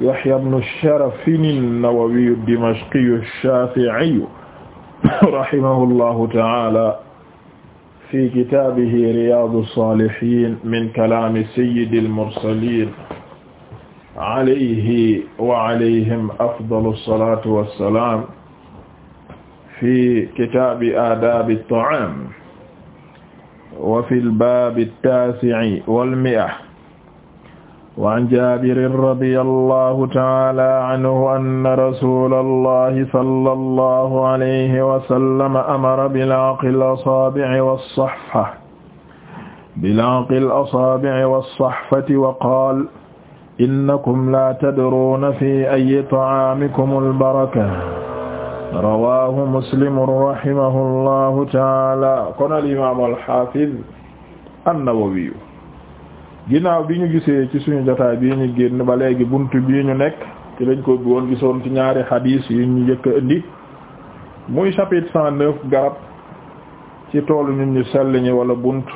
يحيى بن الشرف النووي الدمشقي الشافعي رحمه الله تعالى في كتابه رياض الصالحين من كلام سيد المرسلين عليه وعليهم أفضل الصلاة والسلام في كتاب آداب الطعام وفي الباب التاسع والمئة waan jaabirin radiyallahu ta'ala anhu anna rasulallahi sallallahu alayhi wa sallam amara bil'aqil asaabi'i was-sahfa bil'aqil asaabi'i was-sahfati wa qaala innakum laa tadruuna fi ayyi ta'aamikumul baraka rawaahu muslimun rahimahullahu ta'ala qaala al-imaam al-haafiz an-Nawawi ginnaaw bi ñu gisee ci suñu jotaay bii ñu génn ba léegi bunt bii ñu nekk ci lañ ko woon gisoon ci ñaari xadiis yi ñu njëkk a indi muy chapitre cent neuf garab ci toolu ñun ñu sell wala bunt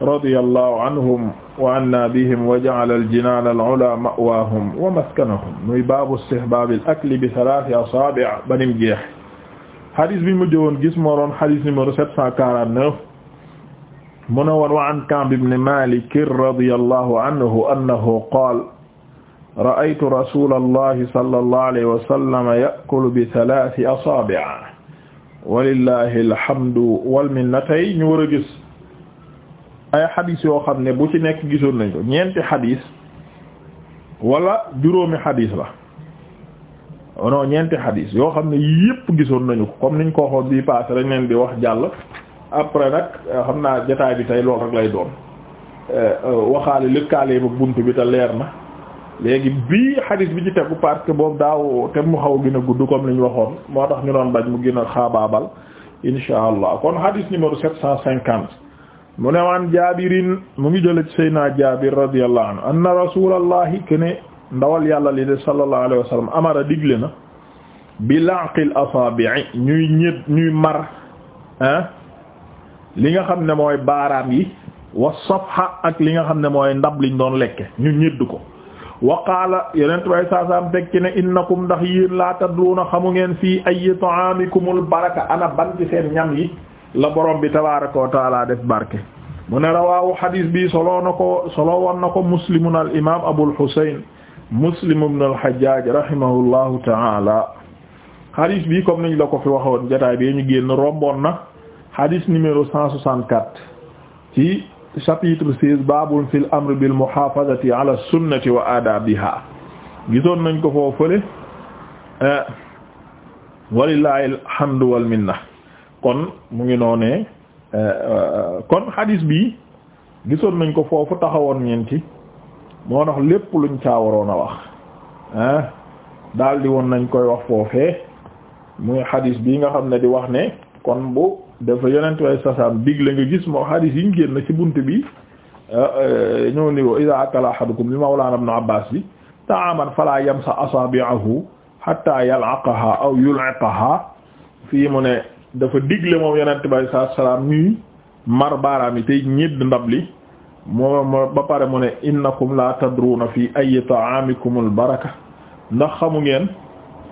radiyallahu anhum wa anna bihim wa ja'ala al-jinaan al ma'waahum wa maskanahum muy baabu istihbaab al-akli bi thalaati asaabi' banim jeex xadiis bi ñu mujj woon gis moo doon xadiis numéro mu ne woon wa an Ka'b ibn Malik radiyallahu anhu annahu qaala ra'aytu rasuulallahi sallallahu alayhi wa sallam ya'kulu bi thalathi asaabi' walillahi alhamdu wal minna tey ñu war a gis ay xadis yoo xam ne bu ci nekk gisoon nañ ko ñeenti xadis wala juróomi xadis la non ñeenti xadis yoo xam ne yépp gisoon nañu ko comme niñ ko waxoon bii passé dañ leen di wax jàll après nag euh, xam naa jotaay bi tey loolu rek lay doon euh, euh, waxaale lëkkaale ba bunt bi te leer na léegi bi xadis bi ci tegu parce que boobu daaw te mu xaw gën a gudd comme li ñu waxoon moo tax ñu doon bañ mu gën a xaabaabal insha allah kon xadis numéro sept cent cinquante mu ne waan jaabirin mu ngi jële ci Seydina Jaabir radiyallahu anhu anna rasulallahi kene ndawal yàlla lii de sallallahu alayhi wa amara digle na bi laqil asaabi'i ñuy ñet ñuy mar li nga xam ne mooy baaraam yi wa safha ak li nga xam ne mooy ndab liñ doon lekke ñu ñëdd ko wa qaala yeneen way saasaam tekki ne innakum ndax yéen laa na xamu ngeen fii ay ta'amikumul baraka ana ban ci seen ñam yi la borom bi tabaaraka wa taala def barke mu ne rawaawu xadiis bi soloo na ko solo won na ko muslimun al imaam abul husayn muslim ibn al hajjaaj rahimahullahu taala xadiis bi comme niñ la ko fi waxoon jotaay bi ñu génn romboon na hadis numéro 164 ci chapitre 16 babun fil amr bil muhafazati ala sunnati wa adabiha gisoon nañ ko foofu fële eh, walillahi alhamdu wal minna kon mu ngi noonee eh, eh, kon hadis bi gisoon nañ ko foofu taxawoon ñeenti moo tax lépp luñ caa waroon a wax ah daldi woon nañ koy wax foofee muy hadis bi nga xam ne di wax ne kon bu dafa yonent way sasaam digle nga gis moo hadis yi ñu génn ci bunt bi euh, ñoo niwo iza akala ahadukum li mawlana ibn abbas bi ta'aman fala yamsa asabi'ahu hatta yal'aqaha aw yul'iqaha fii mu ne dafa digle moom yonent sa salaam ñuy mar baaraam yi tey ñedd ndab li moom ba pare mu ne innakum la tadruna fi ay ta'amikumul baraka ndax xamu ngeen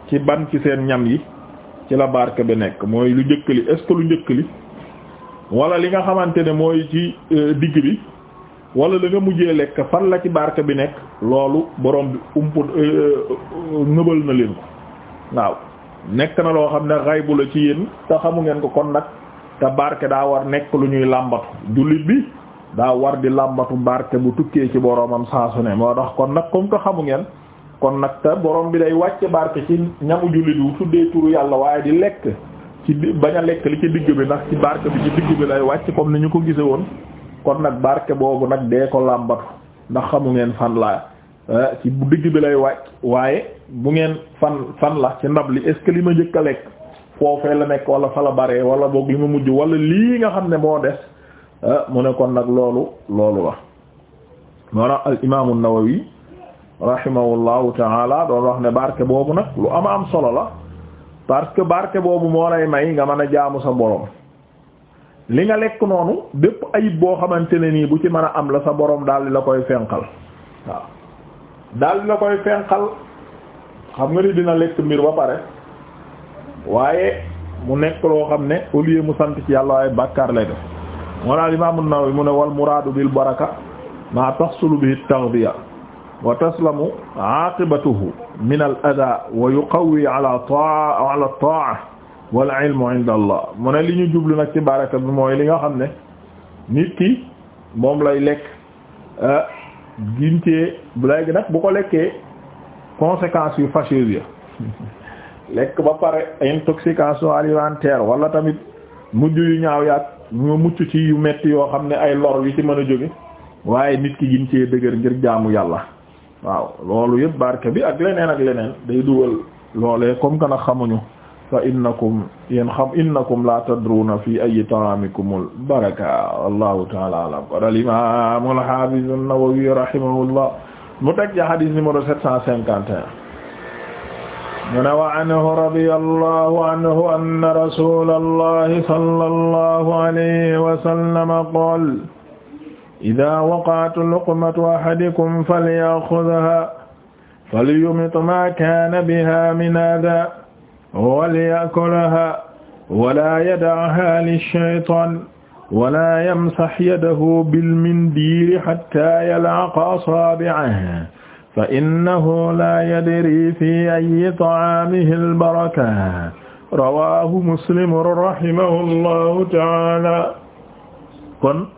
ci ban ci seen ñam yi ci la barke bi nekk mooy lu njëkk li est lu njëkk li wala li nga xamante ne mooy ci euh, digg bi wala la nga mujjee lekk fan la ci barke bi nekk loolu borom bi ump euh, euh, nëbal na leen ko waaw nekk na loo xam ne xaybu la ci yéen te xamu ngeen ko kon nag te barke daa war nekk lu ñuy làmbatu jullit bi daa war di làmbatu barke bu tukkee ci boromam saa su ne moo tax kon nag comme que xamu ngeen. kon nag te borom bi day wàcce barke ci ñamu jullit wu tuddee turu yàlla waaye di lekk ci bañ a lekk li ci digg bi ndax ci barke bi ci digg bi lay wàcc comme ni ñu ko gise woon kon nag barke boobu nag dee ko làmbatu ndax xamu ngeen fan laa eh, ci bu digg bi lay wàcc waaye bu ngeen fan fan la ci ndab li est ce que li ma njëkk a lekk foofee la nekk wala fa la bare wala boog li ma mujj wala lii nga xam ne moo des eh, mu ne kon nag loolu loolu la wara al imaamu Nawawi rahimahullahu taala doon wax ne barke boobu nag lu ama am solo la parce que barke boobu moo lay may nga mën a jaamu sa borom li nga lekk noonu dépp ayib boo xamante ne nii bu ci mën a am la sa borom daal di la koy fenqal waaw daal di la koy fenqal xam nga ni dina lekk mbir ba pare waaye mu nekk loo xam ne au lieu mu sant ci yàlla waaye bàkkaar lay def moo daal Imaam An-Nawawi mu ne wal muraadu bil baraka ma tahsulu bihi at-taghdiya wa taslamu aaqibatuhu min al adaa wa yuqawwi ala taa ala taa wal ilmu inda allah mu ne li ñu jublu nag ci baraka bi mooy li nga xam ne nit ki moom lay lekk euh, gintee léegi nag bu ko lekkee conséquences yu fâcheuses ya lekk ba pare intoxication alimentaire wala tamit mujj yu ñaaw yaag ñu mucc ci yu metti yoo xam ne ay lor yu ci mën a jóge waaye nit ki gintee dëgër ngir jaamu yàlla waaw loolu yëpp barke bi ak leneen ak leneen day dugal loolee comme que nag xamuñu fa innakum yéen xam innakum la tadruna fi ayi taamikumul baraka wallahu taala alam kon al imam al hafiz an-Nawawi rahimahullah mu teg ci hadith numéro 751 mu ne wa anhu radiya allahu anhu anna rasula allahi sallallahu alayhi wa sallam qaala idaa waqa'at luqmatu ahadikum falyaxudhaa falyumit maa kaana bihaa min aadaa walya'kulhaa walaa yada'haa lish-shaytaan walaa yamsax yadahu bil-mindiili hattaa yalhaqa asaabi'ahu fa-innahu laa yadrii fii ayyi ta'aamihi al-baraka rawaahu muslim rahimahullaahu ta'aalaa kon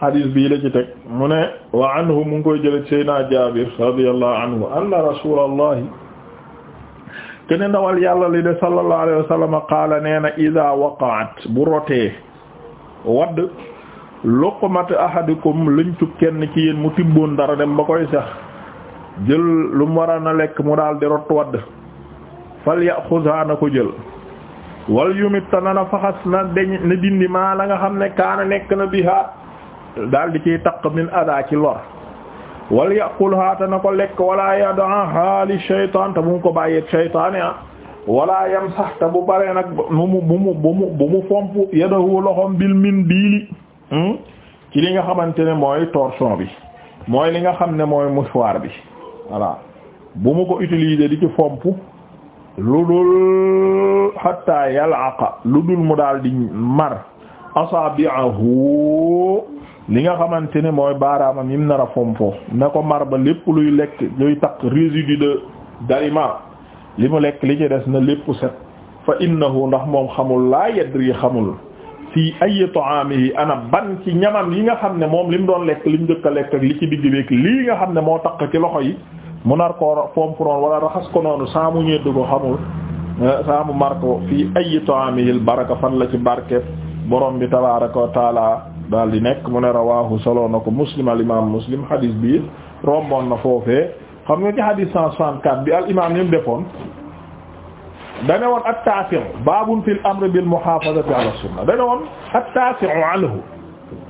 xadis bii la ci teg mu ne wa anhu mu ngi koy jële Jaabir radiyallahu anhu anna rasulallahi kene ndawal yàlla li de sallallahu alayhi qaala nee na waqa'at bu rotee wadd luqmat ahadikum luñtub kenn ci yéen mu tibboon dara dem ba koy sax jël lu mu war a lekk mu daal di rot wadd fal yaxusa na ko jël wal yumit na na faxas na deñ maa la nga xam ne kaana nekk na bihaa daal di ciy taq min ada ci lor wal yaqulha te na ko lekk wala yadaha li shaytan te bu mu ko bàyyee shaytaane ah wala yam sax te bu baree nag bu mu bu mu bu mu fomp yadahu loxom bil min diili hmm? ci li nga xamante ne mooy torchon bi mooy li nga xam ne mooy mouchoir bi voilà bu mu ko utiliser di ci fomp lu dul hatta yalaqa lu dul mu daal di mar asaabi'ahu li nga xamante ne mooy baaraamam yim nar a fompo na ko mar ba lépp luy lekk luy takk résidu de d'aliment li mu lekk li ci des na lépp set fa innahu ndax moom xamul laa yadri xamul fii ay ta'amihi ana ban ci ñamam yi nga xam ne moom li mu doon lekk li mu njëkk a lekk ak li ci digg beeg lii nga xam ne moo takk ci loxo yi mu nar koo fomp noonu wala raxas ko noonu saa ñedd ko xamul eh, saa mu mar ko fii ay ta'amihi al baraka fan la ci barket borom bi tabaraka wa taala daal di nekk mu ne rawahu solo na ko muslim al imam muslim hadis bi romboon na foofee xam nga ci hadis cent soixante bi al imam ñim defoon dane woon at-taasi'u baabun fi amri bil muhaafazati ala sunna dane woon at-taasi'u anhu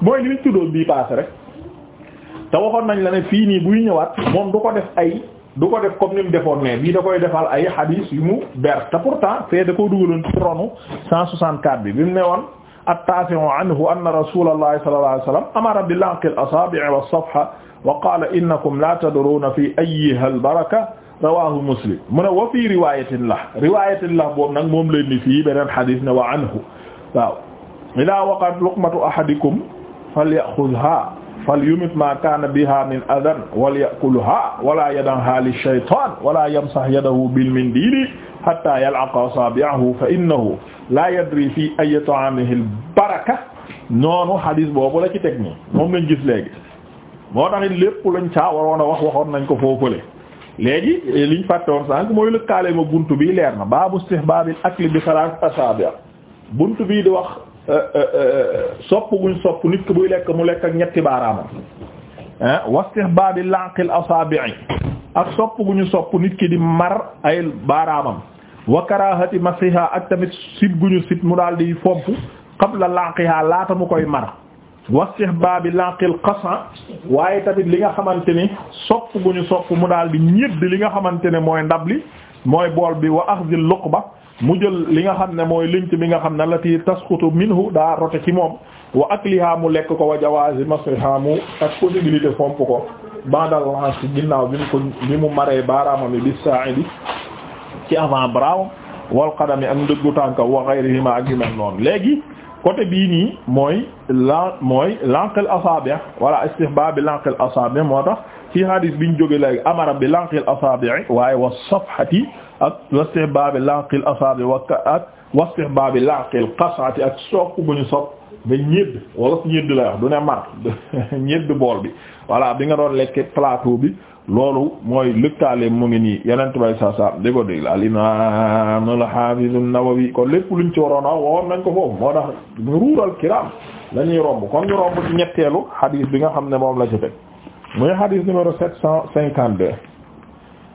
mooy li ñu tuddoon bii paase rek te waxoon nañ la ne fii nii buy ñëwaat moom du ko def ay du ko def comme ni mu defoon ne bii da koy defal ay hadis yu mu ber te pourtant fee da koo dugaloon ci ronu 164 bi bi mu ne woon at-tasi'u anhu anna rasulallahi sallallahu alayhi wa sallam amara bi lanqi al-asabi'i was-safha wa qala innakum la tadruna fi ayyiha al-baraka rawahu muslim mu ne wa fii riwayatin lah riwayatin lah boobu nag moom leen ni fii beneen xadis ne wa anhu waaw ila waqa'at luqmatu ahadikum falyakhudhha fal yumit ma kaana biha min adan wal yakulha wala yadanha li shaytan wala yamsah yadahu bil mindili hatta yal'aqa asabi'ahu fa innahu la yadri fi ayyi ta'amihi al baraka noonu hadis boobu la ci teg nii moom lañ gis léegi moo taxit lépp lañ caa waroon a wax waxoon nañ ko foofule léegi eh, liñ fàtte woon sànq mooy lëkkaale ma bunt bi leer na baabu istihbaabil akli bi salaas asaabi' bunt bii di wax Euh, euh, euh, sopp guñ sopp nit ki buy lekk mu lekk ak ñetti baaraamam wastihbaabi laqil asaabi'i ak sopp guñu sopp nit ki di mar ay baaraamam wa karahati masiha ak tamit sit guñu sit mu daal di fomp qabla laqiha laata mu koy mar bi laqil qasa waaye tamit li nga xamante ni sopp guñu sopp mu daal di ñedd li nga xamante ne mooy ndab li mooy bool bi wa axdil ba mu jël li nga xam ne mooy limt bi nga xam ne allati tasqutu minhu daa rote ci moom wa akliha mu lekk ko wa jawaazi masriha mu ak possibilité fomp ko bandal hanche ginnaaw bi mu mu maree baaraamam yi bi sa'idi ci avant bras wal qadami an ndëggu tànka wa ghayrihima ak yu mel noonu léegi côté bii nii mooy lan mooy lanqil asaabi' wala istihbaab bi lanqil asaabi' moo tax ci hadis biñ jóge léegi amara bi lanqil asaabi' waaye wa safhati ak wastihbaabi laqil asaabi wa ak wastihbaabi laqil qasati ak sopp bu ñu sopp nga ñedd wala ñedd la wax du ne mar ñedd bool bi voilà bi nga doon lekk plateau bi loolu mooy lëkkaale mu ngi nii yeneen bay saa saa di ko déglu al imam al hafiz an-Nawawi kon lépp luñ ci waroon a waxoon nañ ko foofu moo tax ñu ruural kiram la ñuy romb kon ñu romb ci ñetteelu hadith bi nga xam ne moom la ci teg muy hadith numéro sept cent cinquante deux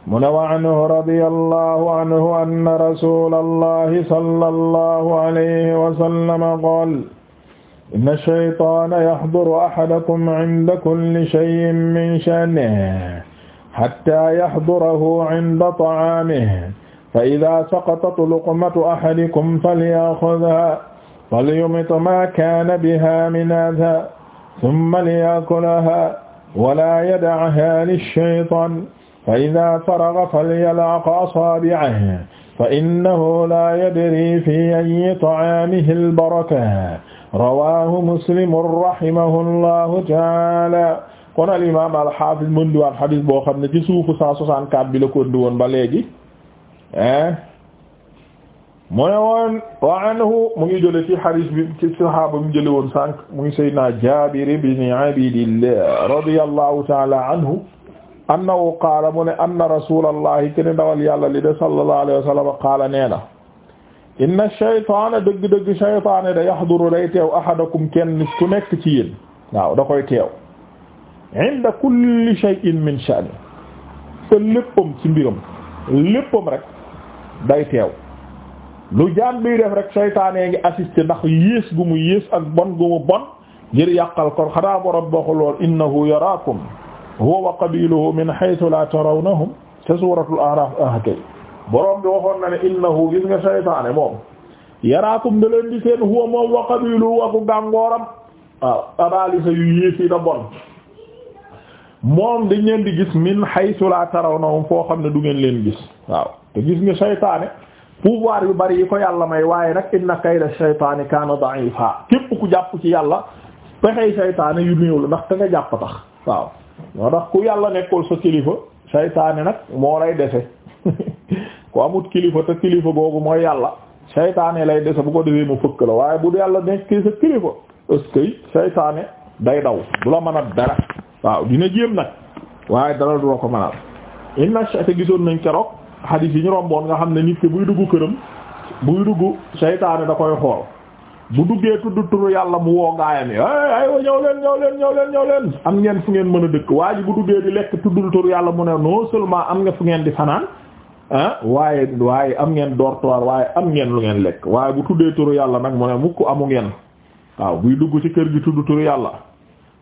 mu ne wa anhu radiyallahu anhu anna rasulallahi sallallahu alayhi wa sallam qaala inna shaytaana yahduru ahadakum inda kulli shay'in min sha'nihi hattaa yahdurahu inda ta'aamihi fa idaa saqatat luqmatu ahadikum falyaxudhaa falyumit maa kaana bihaa min adhaa thumma liya'kulahaa wa laa yada'haa lish-shaytaan fa ida faraga falyalaq asaabi'ahu fa innahu laa yadri fi ayyi ta'aamihi al-baraka rawaahu muslimun rahimahullahu ta'aala kon al imaam al haafiz mëndiwaan hadis boo xam ne ci suufu cent soixante-quatre bi la ko indi woon ba léegi eh? mu ne woon wa anhu mu ngi jële ci hadis bi ci sahaaba mu jële woon sànq mu ngi Seydina Jaabir ibn Abdillah radiyallahu ta'aala anhu annahu qaala mu ne anna rasulallahi kene dawal yàlla li de sallallahu alayhi wa sallam qaala nee na inna shaytaana dëgg-dëgg shaytaane da yahduru day teew ahadakum kenn ku nekk ci yéen waaw da koy teew inda kulli shay'in min sha'ni te léppam ci mbiram léppam rek day teew lu jaam biy def rek seytaane ngi assisté ndax yées gu mu yées ak bon gu mu bon ngir yàqal kon xanaa borom boxu lool innahu yaraakum huwa wa qabiluhu min haythu la tarawnahum te suuratul a'raaf ah kay bi waxoon na ne innahu gis nga saytaane moom yaraakum da leen di moom wa qabiluhu aku gàngooram waaw ah, abalisa yu yiis yi da bon moom dañ leen di gis min haythu la tarawnahum foo xam ne du ngeen leen gis waaw yu bari yi yàlla may waaye nag inna kayda shaytaani kaana da'ifa képp ku jàpp ci yàlla pexey saytaane yu néew la ndax te ñoo tax ku yàlla nekkool sa kilifa saytaane nag moo lay dese ku amut kilifa te kilifa boobu mooy yàlla saytaane lay dese bu ko defee mu fëkk la waaye bu yàlla nekkee sa kilifa est-ce saytaane day daw du la mën a dara waaw dina jéem nag waaye dara du la ko mënal inna te gisoon nañ keroog xadiis yi ñu romboon nga xam ne nit ki buy dugg këram buy dugg saytaane da koy xool bu duggee tudd turu yàlla mu woo gaayam yi aywa ñëw leen ñëw leen am ngeen fu ngeen mën a dëkk waa bu duggee di lekk tuddul turu yàlla mu ne non seulement am nga fu ngeen di fanaan ah waaye waaye am ngeen dortoir waaye am ngeen lu ngeen lekk waaye bu tuddee turu yàlla nag mu ne mukk amu ngeen waaw buy dugg ci kër gi tudd turu yàlla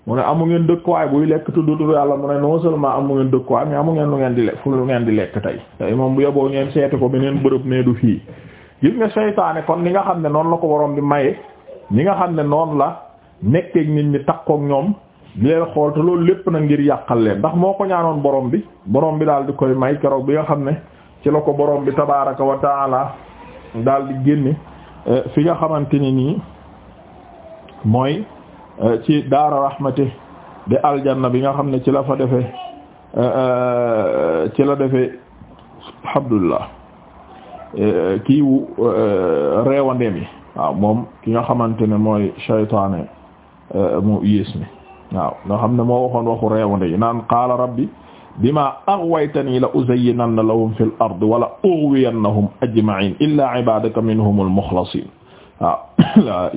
mu ne amu ngeen dëkk dëkkuwaay buy lekk tudd turu yàlla mu ne non seulement amu ngeen dëkkuwaay mais amu ngeen lu ngeen di lekk fu lu ngeen di lekk tey tey moom bu yoboo ngeen seeti ko beneen bërëb nee fii gis nga seytaane kon li nga xam ne noonu la ko waroon bi maye ñi nga xam ne noonu la nekkeek nit ñi takkook ñoom di leen xool te loolu lépp na ngir yàqal leen ndax moo ko ñaanoon boroom bi boroom bi daal di koy may keroog bi nga xam ne ci la ko borom bi tabaaraka wa taala daal di génne eh, fi nga xamante ni nii mooy eh, ci daara rahmati de aljanna bi nga xam ne ci la fa defe eh, ci la defe alhamdulillah Eh, kiiwu eh, reewandeem yi waaw moom ki nga xamante ne mooy shaytaane eh, mu yées mi xam ne moo waxoon waxu reewande yi naan qaala rabbi bima aghwaytani la uzayyinanna lahum fil ard wala ughwiyannahum ajma'in illa ibadaka minhumul mukhlasin waaw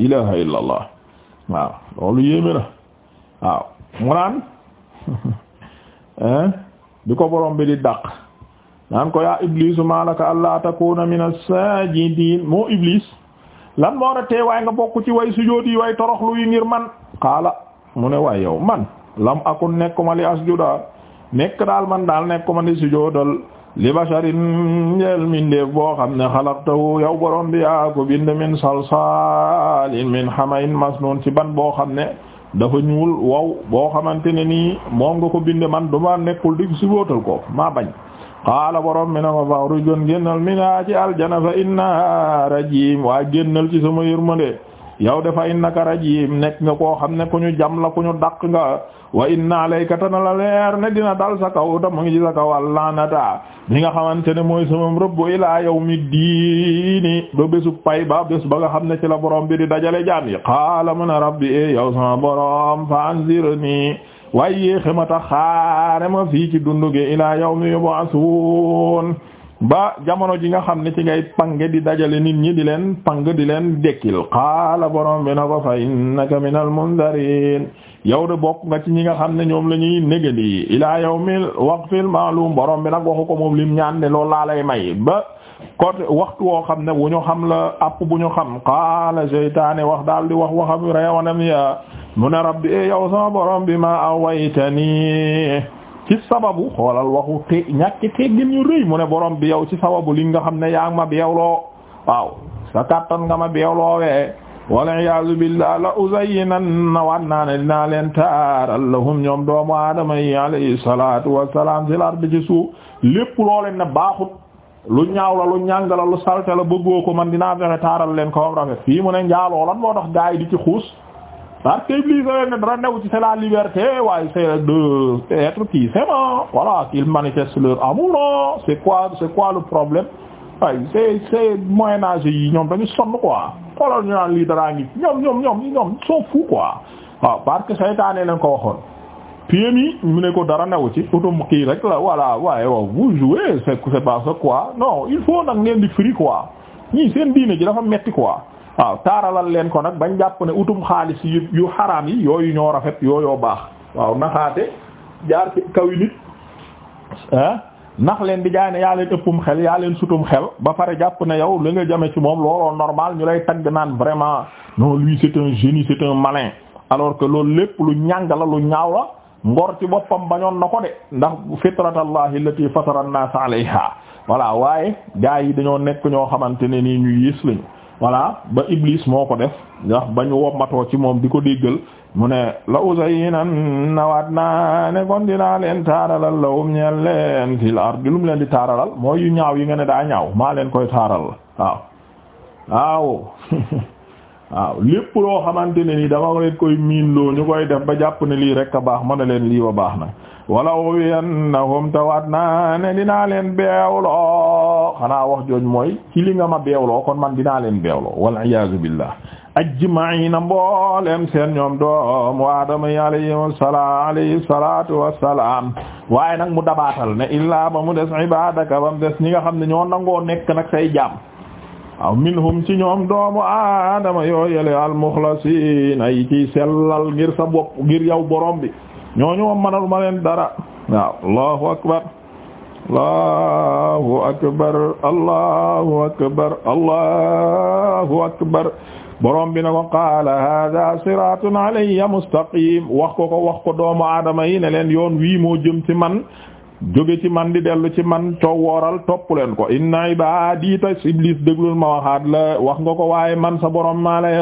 mu naan bi ko borom di dàq naan ko yaa iblis malaka allah takuna min as-sajidin moo iblis lan moo tax waaye nga bokk ci way sujóot yi way toroxlu yi ngir man xaala mu ne waay yow man lam akun nekkuma li asjuda nekk daal man daal nekkuma li sujootal li basharin njel mindeef boo xam ne xalaqtahu yow borom bi yaa ko bind min salsalin min hamain masnun ci ban boo xam ne dafa ñuul wow boo xamante ne nii moom nga ko bind man duma nekkul di sujootal ko maa qaala borom mi na ko faxrujon génnal mina ci aljana fa inna rajim waa génnal ci sama yërmande yow dafa innaka rajim nekk nga koo xam ne ku ñu jam la ku ñu daq nga wa inna alayka tana la ne dina daal sa kaw ta mu ngi ci sa kaw allanata mi nga xamante ne mooy samam rëbbu ilaa mi diini do bésub pay ba bés ba nga xam ne ci la borom bi di dajale jaam yi qaala mën a rabbi e yow sama borom fa anzirni waaye yéexe ma tax xaare ma fii ci dundu gi ilaa yawmi yub'asun ba jamono ji nga xam ne ci ngay pange di dajale nit ñi di leen pang di leen dekkil qaala borom bi na ko fa innaka minal mundarin yow de bokk nga ci ñi nga xam ne ñoom la ñuy négandi ilaa yawmil waqtil ma'lum borom bi nag waxu ko moom lim ñaan ne loolu laa lay may ba côté waxtu woo xam ne bu ñu xam la àpp bu ñu xam qaala seytaane wax daal di wax waxam reewanam ya mu ne rabbi e yow sama borom bi ma awaytani ci sababu xoolal waxu te ñàkki teggin ñu rëy mu ne borom bi yow ci sababu li nga xam ne yaa ngi ma beewloo waaw sa kàttan nga ma beewloowee wala iyaazu billah la uzayyinan waan naa ne dinaa leen taaral lahum ñoom doomu aadama yi alayhi salaatu wassalaam si laar ci suuf lépp looleen ne baaxut lu ñaaw la lu ñàng la lu salte la bëggoo ko man dinaa fexe taaral leen ko rafet fii mu ne njaaloo lan moo tax gaay ci xuus parce que Iblis ne dara new ci se la liberté waaye c'est de être qui s'aiment voilà qu'ils manifestent leur amour c'est quoi c'est quoi le problème waaye c'est c'est moyen âge yi ñoom dañu sonn quoi xoolal ñu naan lii daraa ngi ñoom ñoom ñoom ñoom ils sont fous quoi waaw parce que saytaane lañ ko waxoon. PM yi mu ne ko dara new ci m ki rek la voilà waaye waaw vous jouez c'est c'est pas ça quoi non il faut nag ngeen di firi quoi ñii seen diine ji dafa metti quoi. waaw taaralal leen ko nag bañ jàpp ne utum xaalis yu yu xaraam yi yooyu ñoo rafet yooyoo baax waaw naxaate jaar ci kaw yi ah nax leen di jaane ne yaa leen ëppum xel yaa leen sutum xel ba pare jàpp ne yow la nga jame ci moom looloo normal ñu lay tagg naan vraiment non lui c'est un génie c'est un malin alors que loolu lépp lu ñàng la lu ñaaw la ngor ci boppam bañoon na ko de ndax fitratallahi allati fatara an-nas alayha voilà waaye gaa yi dañoo nekk ñoo xamante ne nii ñu yées lañu voilà ba Iblis moo ko def ndax ba ñu wommatoo ci moom di ko déggal mu ne la uzayyinan nawaat naa ne kon dinaa leen taaralal lahum ñeel leen fil ardi lu mu leen di taaralal mooy yu ñaaw yi nga ne daa ñaaw maa leen koy taaral waaw waaw waaw lépp loo xamante ne ni dama leen koy miin loo ñu koy def ba jàpp ne lii rek a baax ma ne leen lii wa baax na wala uwiyannahum tawaat naa ne dinaa leen beewloo xanaa wax jooj mooy ci li nga ma beewloo kon man dinaa leen beewloo wal iyaazu billah ajmaina mboolem seen ñoom doom aadama yi yo salaam alayhi salaatu wassalaam waaye nag mu dabaatal ne illaa ba mu des ibadaka ñi nga xam ne ñoo nangoo nekk nag say jaam ci ñoom doomu aadama yoo yele al muxlasiin sellal ngir sa bopp ngir yow borom bi ñooñu moom manal ma leen dara waaw allahu akbar allahu akbar allahu akbar allahu akbar borom bi na ko qaala hada siratun alayya mustaqim wax ko ko wax ko doomu aadama yi ne leen yoon wii moo jëm ci man jóge ci man di dellu ci man coow wooral topp leen ko inna ibadiita iblis déglul ma waxaat la wax nga ko waaye man sa borom maa lay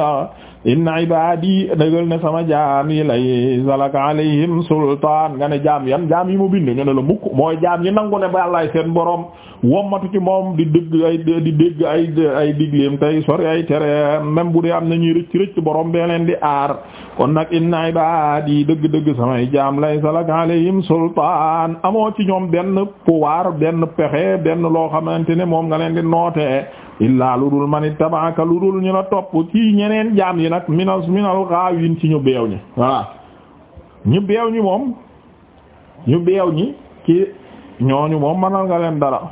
inna ibadi dëgal ne sama jaam yi lay salaka alayhim sultaan nga ne jaam yan jaam yi mu bind ñu ne la mukk mooy jaam yi nangu ne ba yàllaay seen borom wommatu ci moom di dëgg ay di ay ay digleem tey ay tere même bu dee am na ñuy rëcc borom bee leen di aar kon nag inna ibadi dëgg-dëgg samay jaam lay salaka alayhim sultaan amoo ci ñoom benn pouvoir benn pexe benn loo xamante ne moom nga leen di noote illaa lu dul man ittabaaka lu dul ñu la topp ci ñeneen jaam yi nag minal minal gaawiin ci ñu beew ñi voilà ñu beew ñi moom ñu beew ñi ci ñooñu moom manal nga leen dara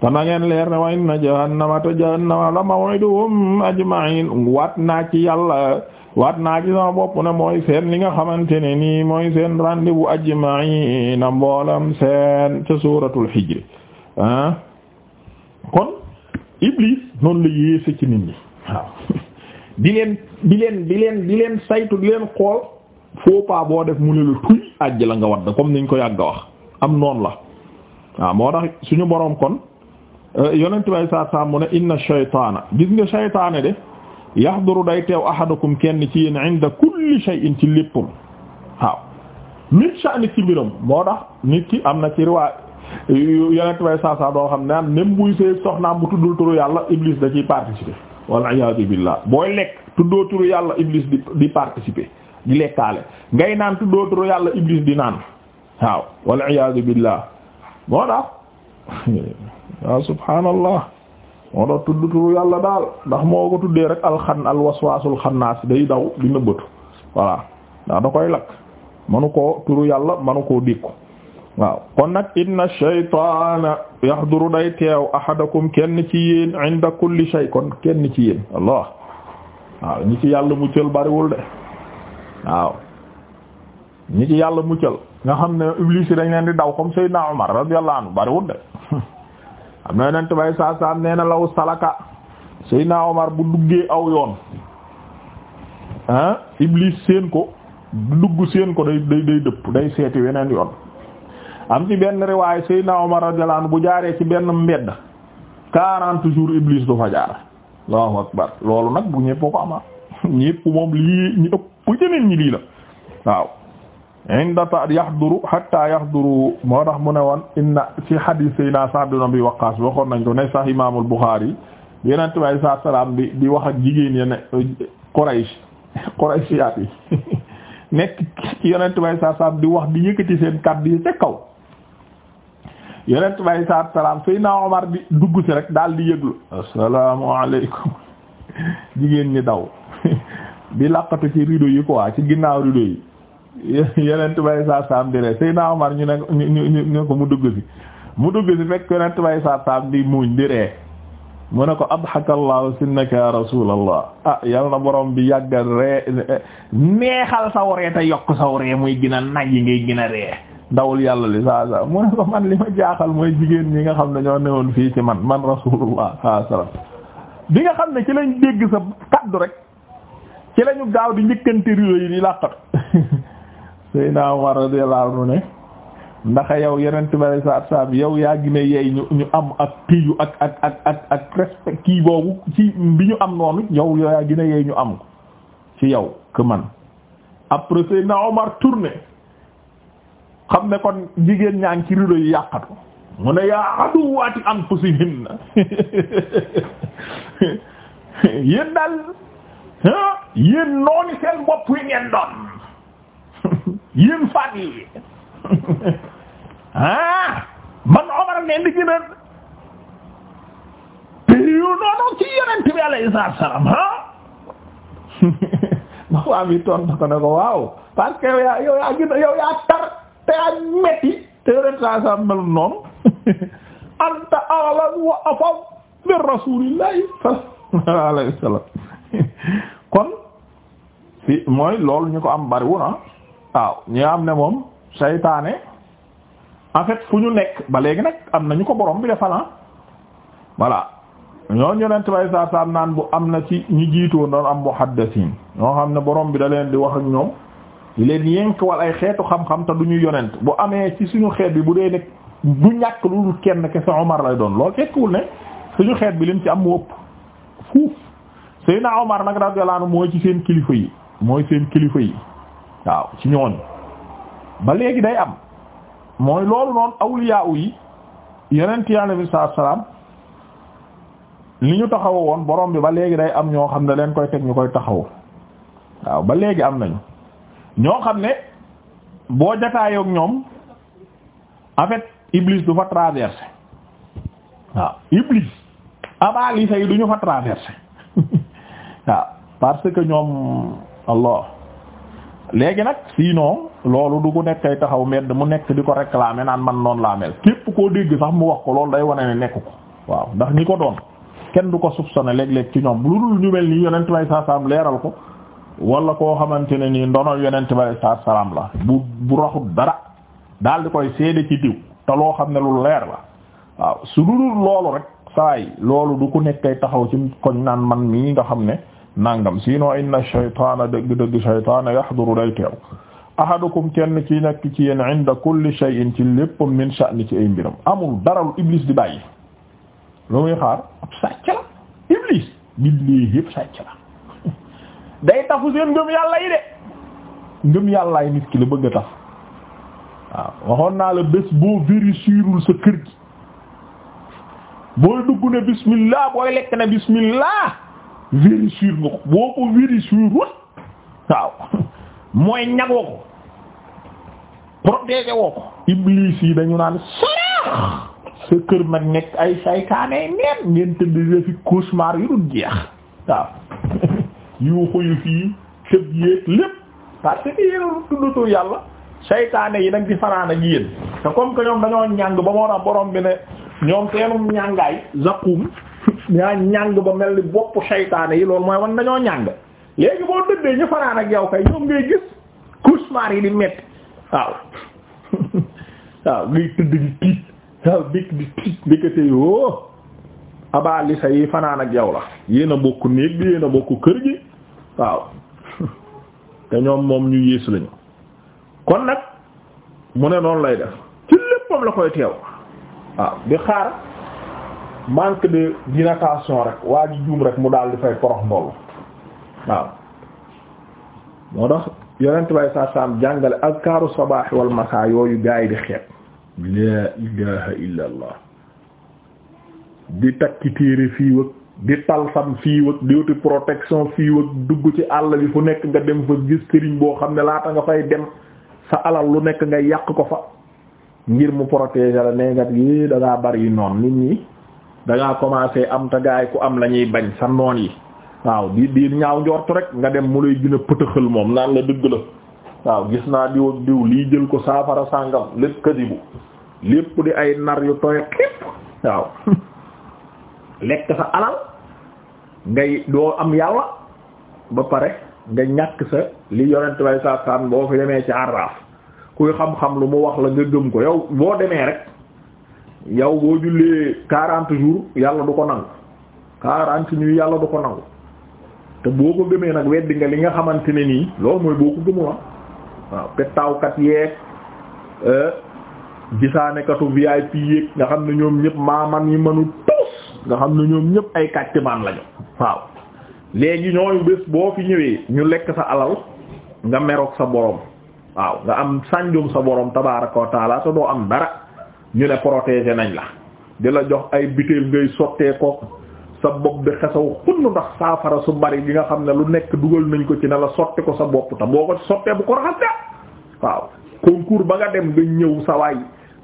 te na ngeen leer ne wa inna jahannama te jahannama la maw'iduhum ajma'in waat naa ci yàlla waat naa ci sama bopp ne mooy seen li nga xamante ne nii mooy seen rendez-vous ajma'in mboolem seen ca suuratul hijr ah kon Iblis noonu la yéese ci nit ñi waaw di leen di leen di leen saytu di leen xool faux pas boo def mu ne la tuy àjj la nga wadd comme niñ ko yàgg wax am noon la waaw moo tax suñu boroom kon euh, yonent bay saa saa mu ne inna shaytaana gis nga shaytaane de yahduru day teew ahadakum kenn ci yéen inda kulli shay'in ci léppam waaw min sha'ni ci mbiram moo tax nit ki am na ci yonent bay saasaa doo xam ne am même buy sëy soxnaam bu tuddul turu yàlla iblis da ciy participer wal iyaadu billah booy lekk tuddoo turu yàlla iblis di di participer ngay naan tuddoo turu yàlla iblis di naan waaw wal iyaadu billah moo tax waaw subhaanallah moo tax tudd turu yàlla daal ndax moo ko tuddee rek alxan alwaswaasul xannaas day daw di nëbbatu voilà ndax da koy lakk manu koo turu yàlla manu koo dékku waaw kon nag inna shaytaana yahduru day teew ahadakum kenn ci yéen inda kulli shay kon kenn ci yéen allah waaw ñi ci yàlla muccal bariwul de waaw ñi ci yàlla muccal nga xam ne iblis yi dañ leen di daw comme sayyidna Umar radiyallahu anhu bariwul de am na yonent bay saa saa nee na law salaka sayyidna Umar bu duggee aw yoon ah iblis seen ko dugg seen ko day day day dëpp day seeti weneen yoon am ci benn riwaay Seydina Omar radiyallahu anhu bu jaaree ci benn mbedd quarante jours Iblis du fa jaar Allahu akbar loolu nag bu ñëpp ko ama ñëpp moom lii ñu ëpp jëneen ñi lii la waaw inda ta yahduru hatta yahduru moo tax mu ne woon inna ci hadith Seydina Sa'd ibn Abi Waqqas waxoon nañ ko ne sax Imaamul Bukhari yeneen way sa salaam bi di wax ak jigéen ya ne Quraysh Qurayshiyaat yi nekk ci yeneen way sa salaam di wax di yëkkati seen kàddu yi ca kaw yonent bi alayhi salaatu wa salaam Seydina Omar di dugg ci rek daal di yëglu asalaamaaleykum jigéen ñi daw bi laqatu ci rideau yi quoi ci ginnaaw rideau yi yonent bi alayhi wa salaam di ree Seydina Omar ñu ne ñu ñu ñu ko mu dugg ci mu dugg ci fekk yonent bi alayhi salaatu di muuñ di ree mu ne ko adhakallahu sinnaka ya rasulallah ah yal na borom bi yàggal ree eh, neexal saw te yokk saw ree muy gën a yi ngay gën ree ndawul yàlla li saa saa mu ne ko man li ma jaaxal mooy jigéen ñi nga xam ne ñoo newoon fii ci man man rasulullah saa salaam bi nga xam ne ci lañ dégg sa kaddu rek ci lañu gaaw di njëkkante rido yi di làqat Seydina Umar radiyallahu anhu ne ndax yow yeneen tibere sa saab yow yaa gine yeey ñu ñu am ak tiyu ak ak ak ak ak respect kii boobu ci bi ñu am noonu yow yow yaa gine yeey ñu am ko ci yow que man après Seydina Umar tourné xam ne kon jigéen ñaa ngi ci rido yi yàqatu mu ne yaa aduwaati anfusihinna yéen daal ah yéen noonu seen bopp yi ngeen doon yéen fan yi ah man Omar ngeen di gën a yu noonu ci yonent bi alayhi salaam ah ma waa mi tontu ko ko waaw parce que yow yaa yow yaa yaa tar. te ak metti te yonent saa saa mel noonu anta a'lam wa afal min rasuulillahi sallallahu alayhi mooy loolu ñu ko am bariwul ah waaw ñu am ne moom seytaane en fait fu ñu nekk ba léegi nag am na ñu ko boroom bi defal ah voilà ñoo yonent bay saa saa naan bu am na ci ñi jiitoon doon am muhaddisiin ñoo xam ne borom bi da di wax ak ñoom di leen yenk wal ay xeetu xam-xam te du ñu yonent bu amee ci suñu xeet bi bu dee nekk du ñàkk lu kenn kese Omar lay doon loolu fekkwul ne suñu xeet bi lim ci am mu ëpp fuuf nag radiyallahu anhu mooy ci seen kilifa yi mooy seen kilifa yi waaw ci ñooñ ba léegi day am mooy loolu noonu awliya yi yonent Yàlla bi sallallahu li ñu taxaw woon borom bi ba léegi day am ñoo xam ne leen koy teg ñu koy taxaw waaw ba léegi am nañu ñoo xam ne boo jataayoog ñoom en fait iblis du fa traversé waaw iblis abalisa yi du ñu fa traversé waaw parce que ñoom allah léegi nag sinon loolu du ko nekk taxaw medd mu nekk di ko réclamer naan man noon la mel képp koo dégg sax mu wax ko loolu day wane ne nekk ko waaw ndax ñi ko doon kenn du ko soupçonné léeg-léeg ci ñoom lu dul ñu mel nii yonent may saasaam leeral ko wala koo xamante ne nii ndono yonent bi saa salaam la bu bu raxut dara daal di koy seede ci diw te loo xam ne lu leer la waaw su dul loolu rek saay loolu du ku nekkay taxaw ci koñ naan man mii nga xam ne nangam si sinon inna shaytaana dëgg-dëgg shaytaana yahduru day teew ahadukum kenn ci nekk ci yéen inda kulli shay'in ci lépp min sha'ni ci ay mbiram amul dara lu iblis di bàyyi lu xaar ab sàcc la iblis billii yëpp sàcc la day tafu seen ngëm yàlla yi de ngëm yàllaay nit bëgg a taf waaw waxoon naa la bés boo vérifiéwul sa kër gi booy dugg ne bismillah booy lekk ne bismillah vérifié nga ko boo ko vérifié wut waaw mooy ñagoo ko protégé ko iblis yi dañu naan saraax sa kër ma nekk ay saytaane neen ngeen tëdd defi cauchemar yu dul jeex waaw yuuxu yu fii këb yéeg lépp parce que yéen a yàlla saytaane yi nag di fanaan ak yéen te comme que ñoom dañoo ñàng ba moo tax borom bi ne ñoom seenum ñàngaay zakum ñaa ñàng ba mel ni boppu saytaane yi loolu mooy wan dañoo ñàng léegi boo dëddee ñu fanaan ak yow kay ñoom ngay gis cauchemar yi di metti waaw waaw ngay tëdd di tiit waaw dikk di tiit ndekete yoo abaalisa yi fanaan ak yow la yéen a bokk néeg bi yéen a bokk kër gi waaw te ñoom moom ñu yéesu lañu kon nag mu ne noonu lay def ci léppam la koy teew waaw di xaar manque de dilatation rek waa ji rek mu daal di fay porox ndoll waaw moo tax yonent bay saa saam jàngale azkaaru sabaax wal masaa yooyu gaa yi di xeet laa ilaha illa allah takki téere fii wëg di talsam fii diw di wuti protection fii dugg ci àll bi fu nekk nga dem fa gis këriñ boo xam ne laata nga fay dem sa alal lu nekk nga yàq ko fa ngir mu protéger la nee nga yi da bari noon nit ñi da ngaa commencé am te gaay ku am la ñuy bañ sa noon yi waaw di di ñaaw njortu rek nga dem mu lay gën a moom naan la dëgg la waaw gis naa diw diw lii jël ko saafara sàngam lépp kadibu lépp di ay nar yu tooy xépp waaw lekk sa alal ngay doo am yàlla ba pare nga ñàkk sa li yonent way sa boo fi demee ci arraaf kuy xam-xam lu mu wax la nga gëm ko yow boo demee rek yow boo jullee quarante jours yàlla du ko nangu quarante nuits yàlla du ko nangu te boo ko gëmee nag weddi li nga xamante ne nii loolu mooy boo ko gëmula ah. waaw pettaawkat yeeg euh, gisaanekatu VIP yéeg nga xam ne ñoom ñëpp maaman yi mënu tos nga xam ne ñoom ñëpp ay kàcc maan lañu waaw léegi ñooñu bés boo fi ñëwee ñu lekk sa alal nga meroog sa borom waaw nga am sànjum sa boroom tabaaraka wa doo am dara ñu ne protégé nañ la di la jox ay butéel ngay sottee ko sa bopp bi saafara su bari gi nga xam ne lu nekk dugal nañ ko ci ne la ko sa bopp te boo ko sottee bu ko raxas waaw concours ba nga dem nga ñëw sa waay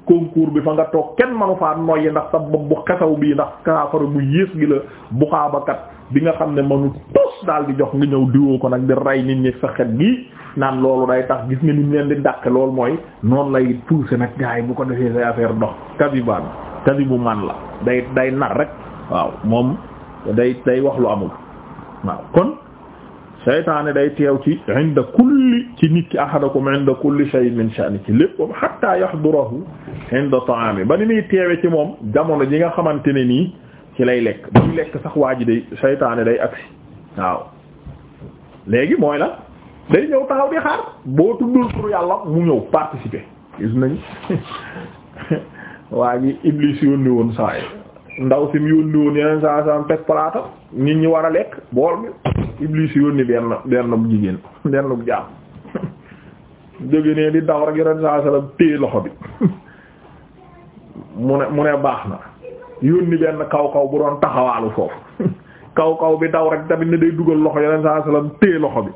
bi fa nga toog kenn manu faa noyyi ndax sa bopp bu xesaw bii ndax saafara bu yées gi la buxaabakat bi nga xam ne mënu tos daal jox nga ñëw diwoo ko nag di rey nit ñi sa xet gi naan loolu day tax gis nga nim leen di dàq loolu mooy noonu lay pousser nag gars bu ko defee say affaire dox kadibaan kadibu man la day day nar rek waaw moom day day wax lu amul waaw kon seytaane day teew ci inda kulli ci nit ki ahadakum inda kulli shay min sha'ni ci lépp hatta yahdurahu inda ta'ami teewe ci moom jamono ji nga xamante ne nii ci lay lekk buy lekk sax waa ji day seytaane day agsi waaw léegi mooy la day ñëw taxaw di xaar boo tuddul yàlla mu ñëw participer gis nañ waa ji Iblis yónni woon saa ndaw si mu yónni woon yeneen saa saa teg palaata nit ñi war a lekk bool bi Iblis yónni benn benn jigéen benn jaam jóge ne di daw rek yeneen saa saa téye loxo bi mu ne mu ne baax na yónni benn kaw kaw bu doon taxawaalu foofu kaw kaw bi daw rek tamit ne day dugal loxo yeneen saa salaam téye loxo bi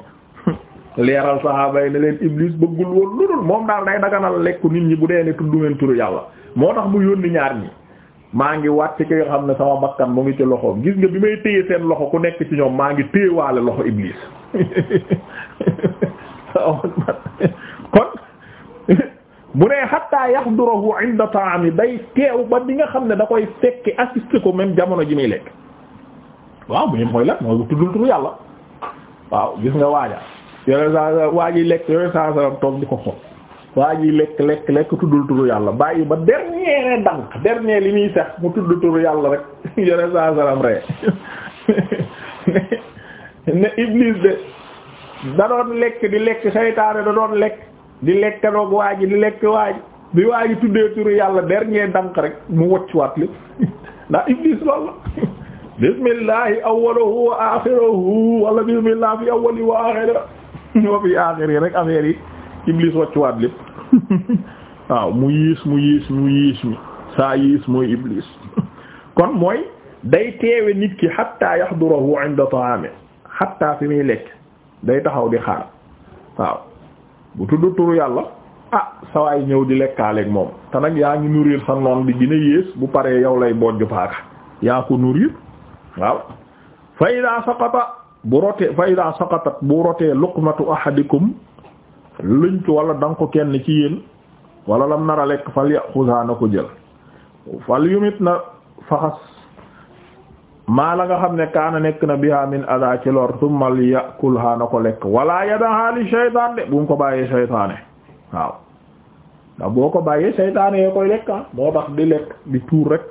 leeral saxaaba yi ne leen iblis bëggul woon lu dul moom daal day daganal lekku nit ñi bu dee ne tudd ngeen turu yàlla moo tax mu yónni ñaar ñi maa ngi wàcc ki xam ne sama bakkan mu ngi ci loxo gis nga bi may téye seen loxo ku nekk ci ñoom maa ngi téyewaale loxo iblis kon bu ne hatta yahdurahu inda ta'ami day teew ba di nga xam ne da koy fekki assister ko même jamono ji muy lekk waaw bu ñu mooy la mooy bu tuddul turu yàlla waaw gis nga waaja yore saa waa ji lekk yore saa saa toog di ko xool waa ji lekk lekk lekk tuddul turu yàlla bàyyi ba dernier dank dernier li muy mu tudd turu yàlla rek yore saa saa ree ne Iblis de da doon lekk di lekk saytaane da doon lekk. di lekkandoog waa ji di lekk waa ji bi waa ji tuddee turu yàlla der dernier dank rek mu woccuwaat lépp ndax iblis loolu la bismillahi awwaluhu wa aaxiruhu fi aaxiri wa fi aaxiri rek affaire yi iblis woccuwaat lépp waaw mu yiis mu yiis mu yiis mi saa yiis mooy iblis kon mooy day teewe nit ki hatta yahduruhu inda lekk day taxaw di xaar waaw bu tudd turu yàlla ah sawaay ñëw di lekkaaleeg moom te nag yaa ngi nourrir sa noon bi gën yées bu paree yow lay bojj paaka yaa ko nourrir waaw fa ida saqata bu rotee fa ida saqatat bu rotee luqmatu ahadikum luñ ko wala kenn ci yéen wala lam nar a lekk fal yaxusa ko jël fal yumit na faxas maa la nga xam ne kaana nekk na biha min ada ci lor tumma li yakulha na ko lekk wala yadaha li shaytaan de bu mu ko bàyyee shaytaane waaw ndax boo ko bàyyee shaytaane yoo koy lekk ah moo tax di lekk di tuur rek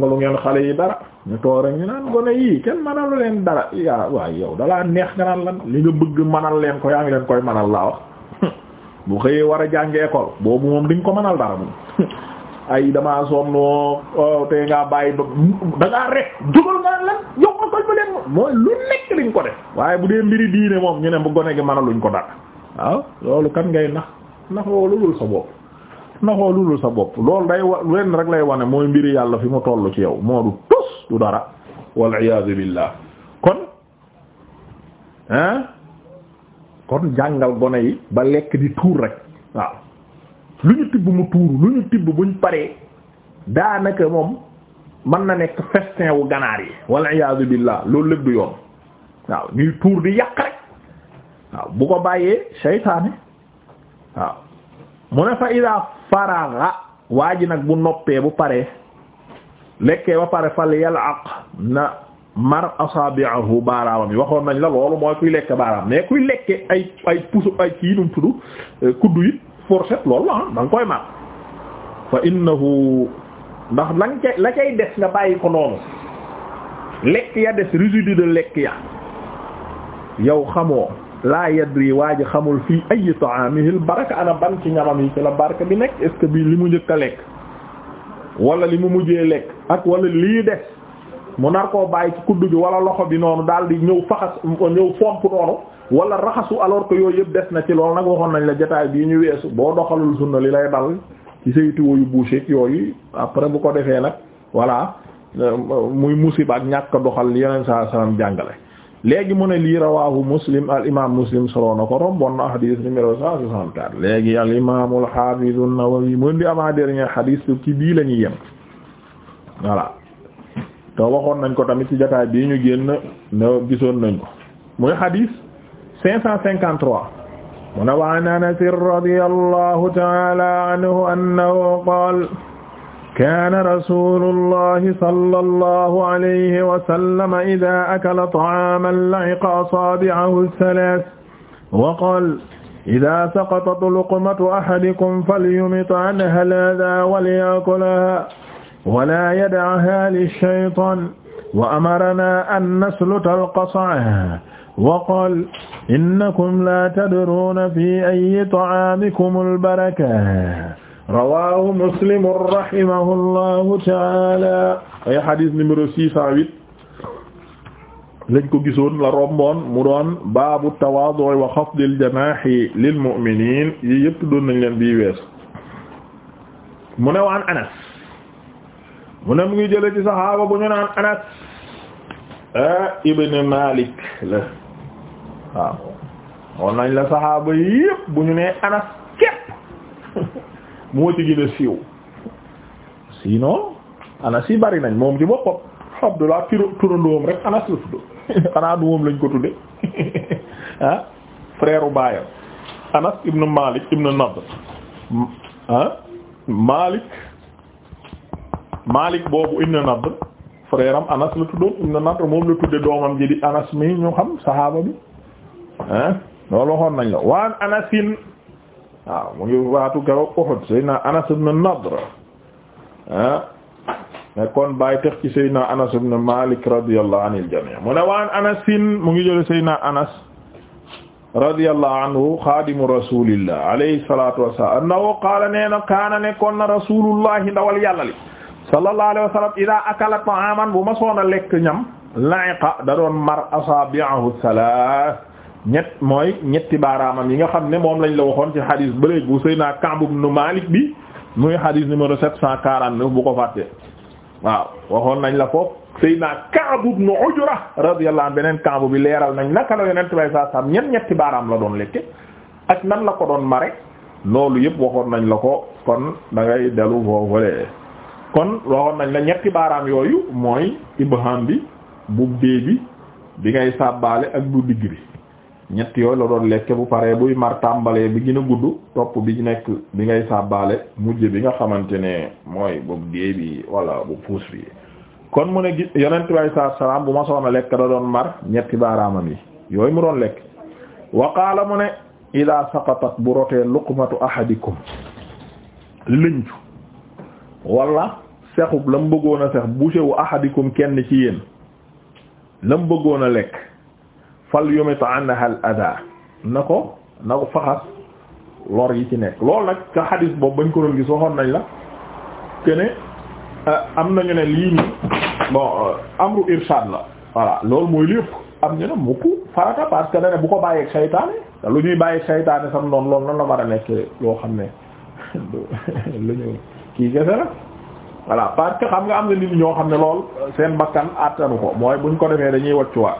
lu ngeen xale yi dara ñu toog rek ñu naan gone yii kenn mënalu leen dara yaa waaye yow dalaa neex nga naan lan li nga bëgg mënal leen ko yaa ngi leen koy mënal laa wax bu xëyee war a jàngi école boobu moom di nga ko mënal dara moom ay damaa sonn oh, te ngaa bàyyi da rek dugal nga lan yow nga koy ba leen mooy lu nekk liñ ko def waaye bu dee mbiri diine moom ñu ne bu gone gi mën a luñ ko dara waaw loolu kan ngay nax naxoo lu dul sa bopp naxoo lu dul sa bopp loolu day wa lenn rek lay wane mooy mbiri yàlla fi mu toll ci yow moo du tus du dara wal iyaazu billaah kon kon jàngal gone yi ba lekk di tuur rek waaw lu ñu tibb mu tuuru lu ñu tibb buñ paree daanaka moom mën na nekk festin wu ganaar yi walla iyaazu billaah loolu lépp du yoon waaw ñuy tuur di yàq rek waaw bu ko bàyyee seytaane waaw mu ne fa ida faragha waa ji nag bu noppee bu paree lekkee ba pare fal yalaq na mar asabi'ahu baaraamam yi waxoon nañ la loolu mooy kuy lekk baaraam mais kuy lekke ay ay puso ay kii num tudd kuddu yi fourchette loolu la ah, da nga koy mat fa innahu ndax lang ca la cay des nga bàyyi ko noonu lekk ya des résidu de lekk ya yow xamoo laa yadri waa ji xamul fii ay ta'amihi al baraka ana ban ci ñamam yi ci la baraka bi nekk est ce bi li mu njëkk a lekk wala li mu mujjee lekk ak wala lii des mu nar koo bàyyi ci kuddu gi wala loxo bi noonu daal di ñëw faxas ñëw fomp noonu wala raxasu alors que yooyu yëpp des na ci loolu nag waxoon nañ la jotaay bii ñu weesu boo doxalul sunna li lay dal ci say tuyaux yu bouché yooyu après bu ko defee nag voilà muy musiba ak ñàkk doxal yeneen saa salaam jàngale. léegi mu ne lii rawaahu muslim al imaam muslim solo na ko rombon na hadith numéro 164 léegi al imaam al haafiz an-Nawawi mu di avant dernier bii la ñuy yem te waxoon nañ ko tamit ci jotaay bii ñu génn ne gisoon nañ ko muy xadiis cinq cent cinquante-trois mu ne wa an Anas radiyallahu ta'ala anhu annahu qaala kaana rasuulullahi sallallahu alayhi wa sallam idaa akala ta'aaman la'iqa asaabi'ahu ath-thalaath wa qaala idaa saqatat luqmatu ahadikum falyumit anhaa haadhaa walyakulahaa wala yad'aha lish-shaytaan wa amarana an nasluta al-qas'a wa qaala innakum la tadruuna fi ayyi ta'aamikum al-baraka rawaahu Muslim rahimahullahu ta'aala ay hadith numéro six cent huit lañ ko gisoon la romboon mu doon baabu tawaadu' wa xafdi al-janaahi lil-mu'miniin yi yëpp doon nañ leen bii wees mu ne waan Anas mu ne mu ngi jële ci saxaaba bu ñu naan Anas ah, ibn Malik la waaw moom nañ la saxaaba yépp bu ñu nee Anas képp moo ci gën a siiw sinon Anas yi bari nañ moom ci boppam Abdullah turandoom rek Anas la tudd xanaa du moom lañ ko tudde ah frère u baayam Anas ibn Malik ibn Nadr ah, Malik Malik boobu Ibn Nadr frère am Anas la tuddoon Ibn Nadr moom la tudde doomam ji Anas mi ñu xam saxaaba bi ah loolu waxoon nañ la waan Anasin waaw mu ngi waatu keroog Uhud Seydina Anas ibn Nadr ah kon bàyyi tax ci Anas ibn Malik radiyallahu anil jami' mu ne waan Anasin mu ngi jële Seydina Anas radiyallahu anhu xaadimu rasulillah alayhi salatu wassalam annahu qaala nee na kaana nekkoon na rasulullahi ndawal yàlla sallallahu alayhi wa sallam ida akala bu ma soon a lekk ñam la'iqa da doon mar asabi'ahu thalath ñett mooy ñetti baaraamam yi nga xam ne moom lañ la waxoon ci xadis bëléeg bu Seydina Ka'b ibn Malik bi muy xadis numéro sept cent quarante-neuf bu ko fàtte waaw waxoon nañ la foofu Seydina Ka'b ibn Ujra radiyallahu anhu beneen Ka'b bi leeral nañ naka la yonent bay saa sam ñen ñetti baaraam la doon lekke ak nan la ko doon mare loolu yëpp waxoon nañ la ko kon da ngay kon waxoon nañ la ñetti baaraam yooyu mooy ibham bi bu dee bi bi ngay sàbbaale ak bu digg bi ñett yooyu la doon lekke bu paree buy mar tàmbalee bi gën a gudd topp bi nekk bi ngay sàbbaale mujj bi nga xamante ne mooy boobu dee bi wala bu puus bi kon mu ne gi yonent bi alayhi salaam bu ma soona lekk da doon mar ñetti baaraamam yi yooyu mu doon lekk wa mu ne ila saqatat bu rotee luqmatu ahadikum lëñju wala sexub la mu bëggoon a sex bouché wu ahadikum kenn ci yéen la mu bëggoon a lekk fal yumit anha al ada na ko na ko faxas lor yi ci nekk loolu nag ca xadis boobu bañ ko doon gis waxoon nañ la que ne euh, am nañu ne lii nii bon euh, amru irshad la voilà loolu mooy lépp am ñu ne mukk farata parce que ne bu ko bàyyeeg saytaane te lu ñuy bàyyeeg saytaane sam noonu loolu nan la war a nekk loo xam ne lu ñu kii gese la voilà parce que xam nga am na nit ñoo xam ne lool seen bakkan attanu ko mooy buñ ko defee dañuy waa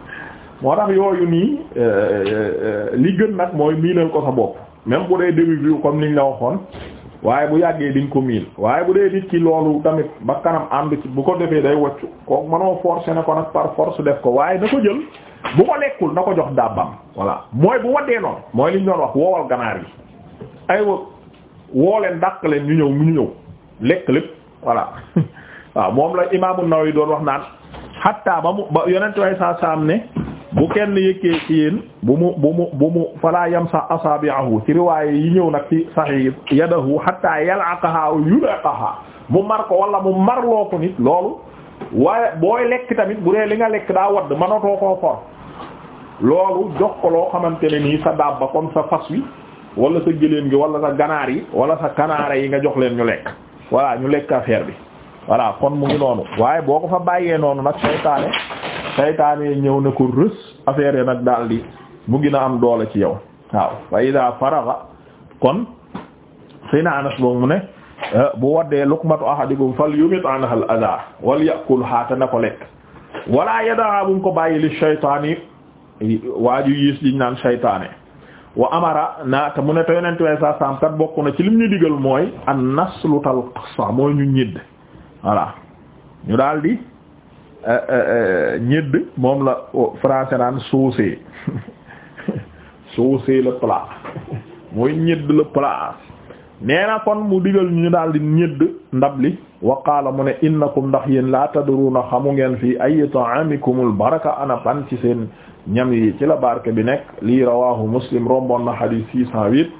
moo tax yooyu nii euh, euh, euh, li gën nag mooy miinal ko sa bopp même bu dee début bi comme niñ la waxoon waaye bu yàggee diñ ko miin waaye bu dee nit ki loolu tamit bakkanam ànd bu ko defee day waccu kook mënoo forcer ne ko nag par force def ko waaye na ko jël bu ko nekkul na ko jox dàbbam voilà mooy bu waddee noonu mooy liñ doon wax woowal ganaar yi aywa woo leen ñu ñëw ñu ñëw. lekk lépp voilà waaw moom la imaam naw yi doon wax naan xatta ba mu ba yonent way saa saam ne bu kenn yëkkee ci yéen bu mu bu mu bu mu falaa yamsa asaabi'ahu ci riwaaye yi ñëw nag ci sahih yadahu xatta yal'aqaha yulaqaha mu mar ko wala mu marloo ko nit loolu waaye booy lekk tamit bu dee li nga lekk daa wadd mënatoo koo for loolu jox ko loo xamante ne nii sa dabba comme sa fas wi wala sa gëléem gi wala sa ganaar yi wala sa kanaara yi nga jox leen ñu lekk voilà ñu lekk affaire bi voilà kon mu ngi noonu waaye boo ko fa bàyyee noonu nag saytaane saytaane ñëw na ko rës affaire yi nag daal di mu gën a am doole ci yow waaw fa ida faraga kon sëy na anas boobu mu ne eh, bu waddee luqmatu ahadikum fal yumit anha al adha wal yakul haata na ko lekk wala yadaa bu mu ko bàyyi li saytaane yi waaju yiis liñ naan saytaane wa amara na te mu ne te yonent way sa saam kat bokk na ci lim ñu digal mooy an naslutal qissa mooy ñu ñëdd voilà ñu daldi euh, euh, euh, ñëdd moom la français naan saucer saucer le plat mooy ñëdd le plat nee na kon mu digal ñu daal di ñëdd ndab li wa mu ne innakum ndax yéen laa na xamu ngeen fii ay taamikumul baraka ana ban ci seen ñam yi ci la barke bi nekk lii rawahu muslim romboon na hadith six cent huit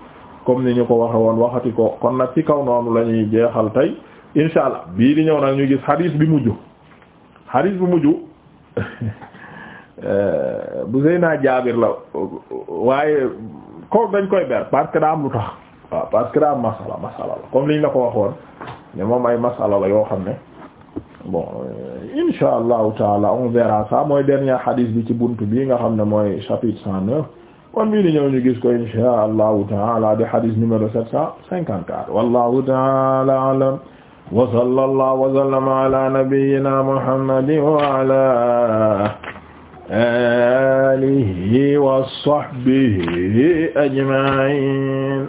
comme ni ñu ko waxe woon waxati ko kon nag ci kaw noonu la ñuy jeexal tey insha allah bii di ñëw nag ñu gis hadith bi mujj hadith bi mujj euh, bu Seyna Jaabir la waaye ko dañ koy ber parce daa am lu tax waaw parce que daa masala masala la comme liñ la ko waxoon ne moom ay masala la yoo xam ne bon euh, taala on verra ça mooy dernier hadith bi ci buntu bi nga xam ne mooy chapitre cent neuf kon bii di ñëw ñu gis ko insha taala di hadith numéro sept cent cinquante quatre wallahu taala alam wa sallallahu wa sallama ala nabiyyina muhammadin wa ala alihi wa sahbihi ajma'in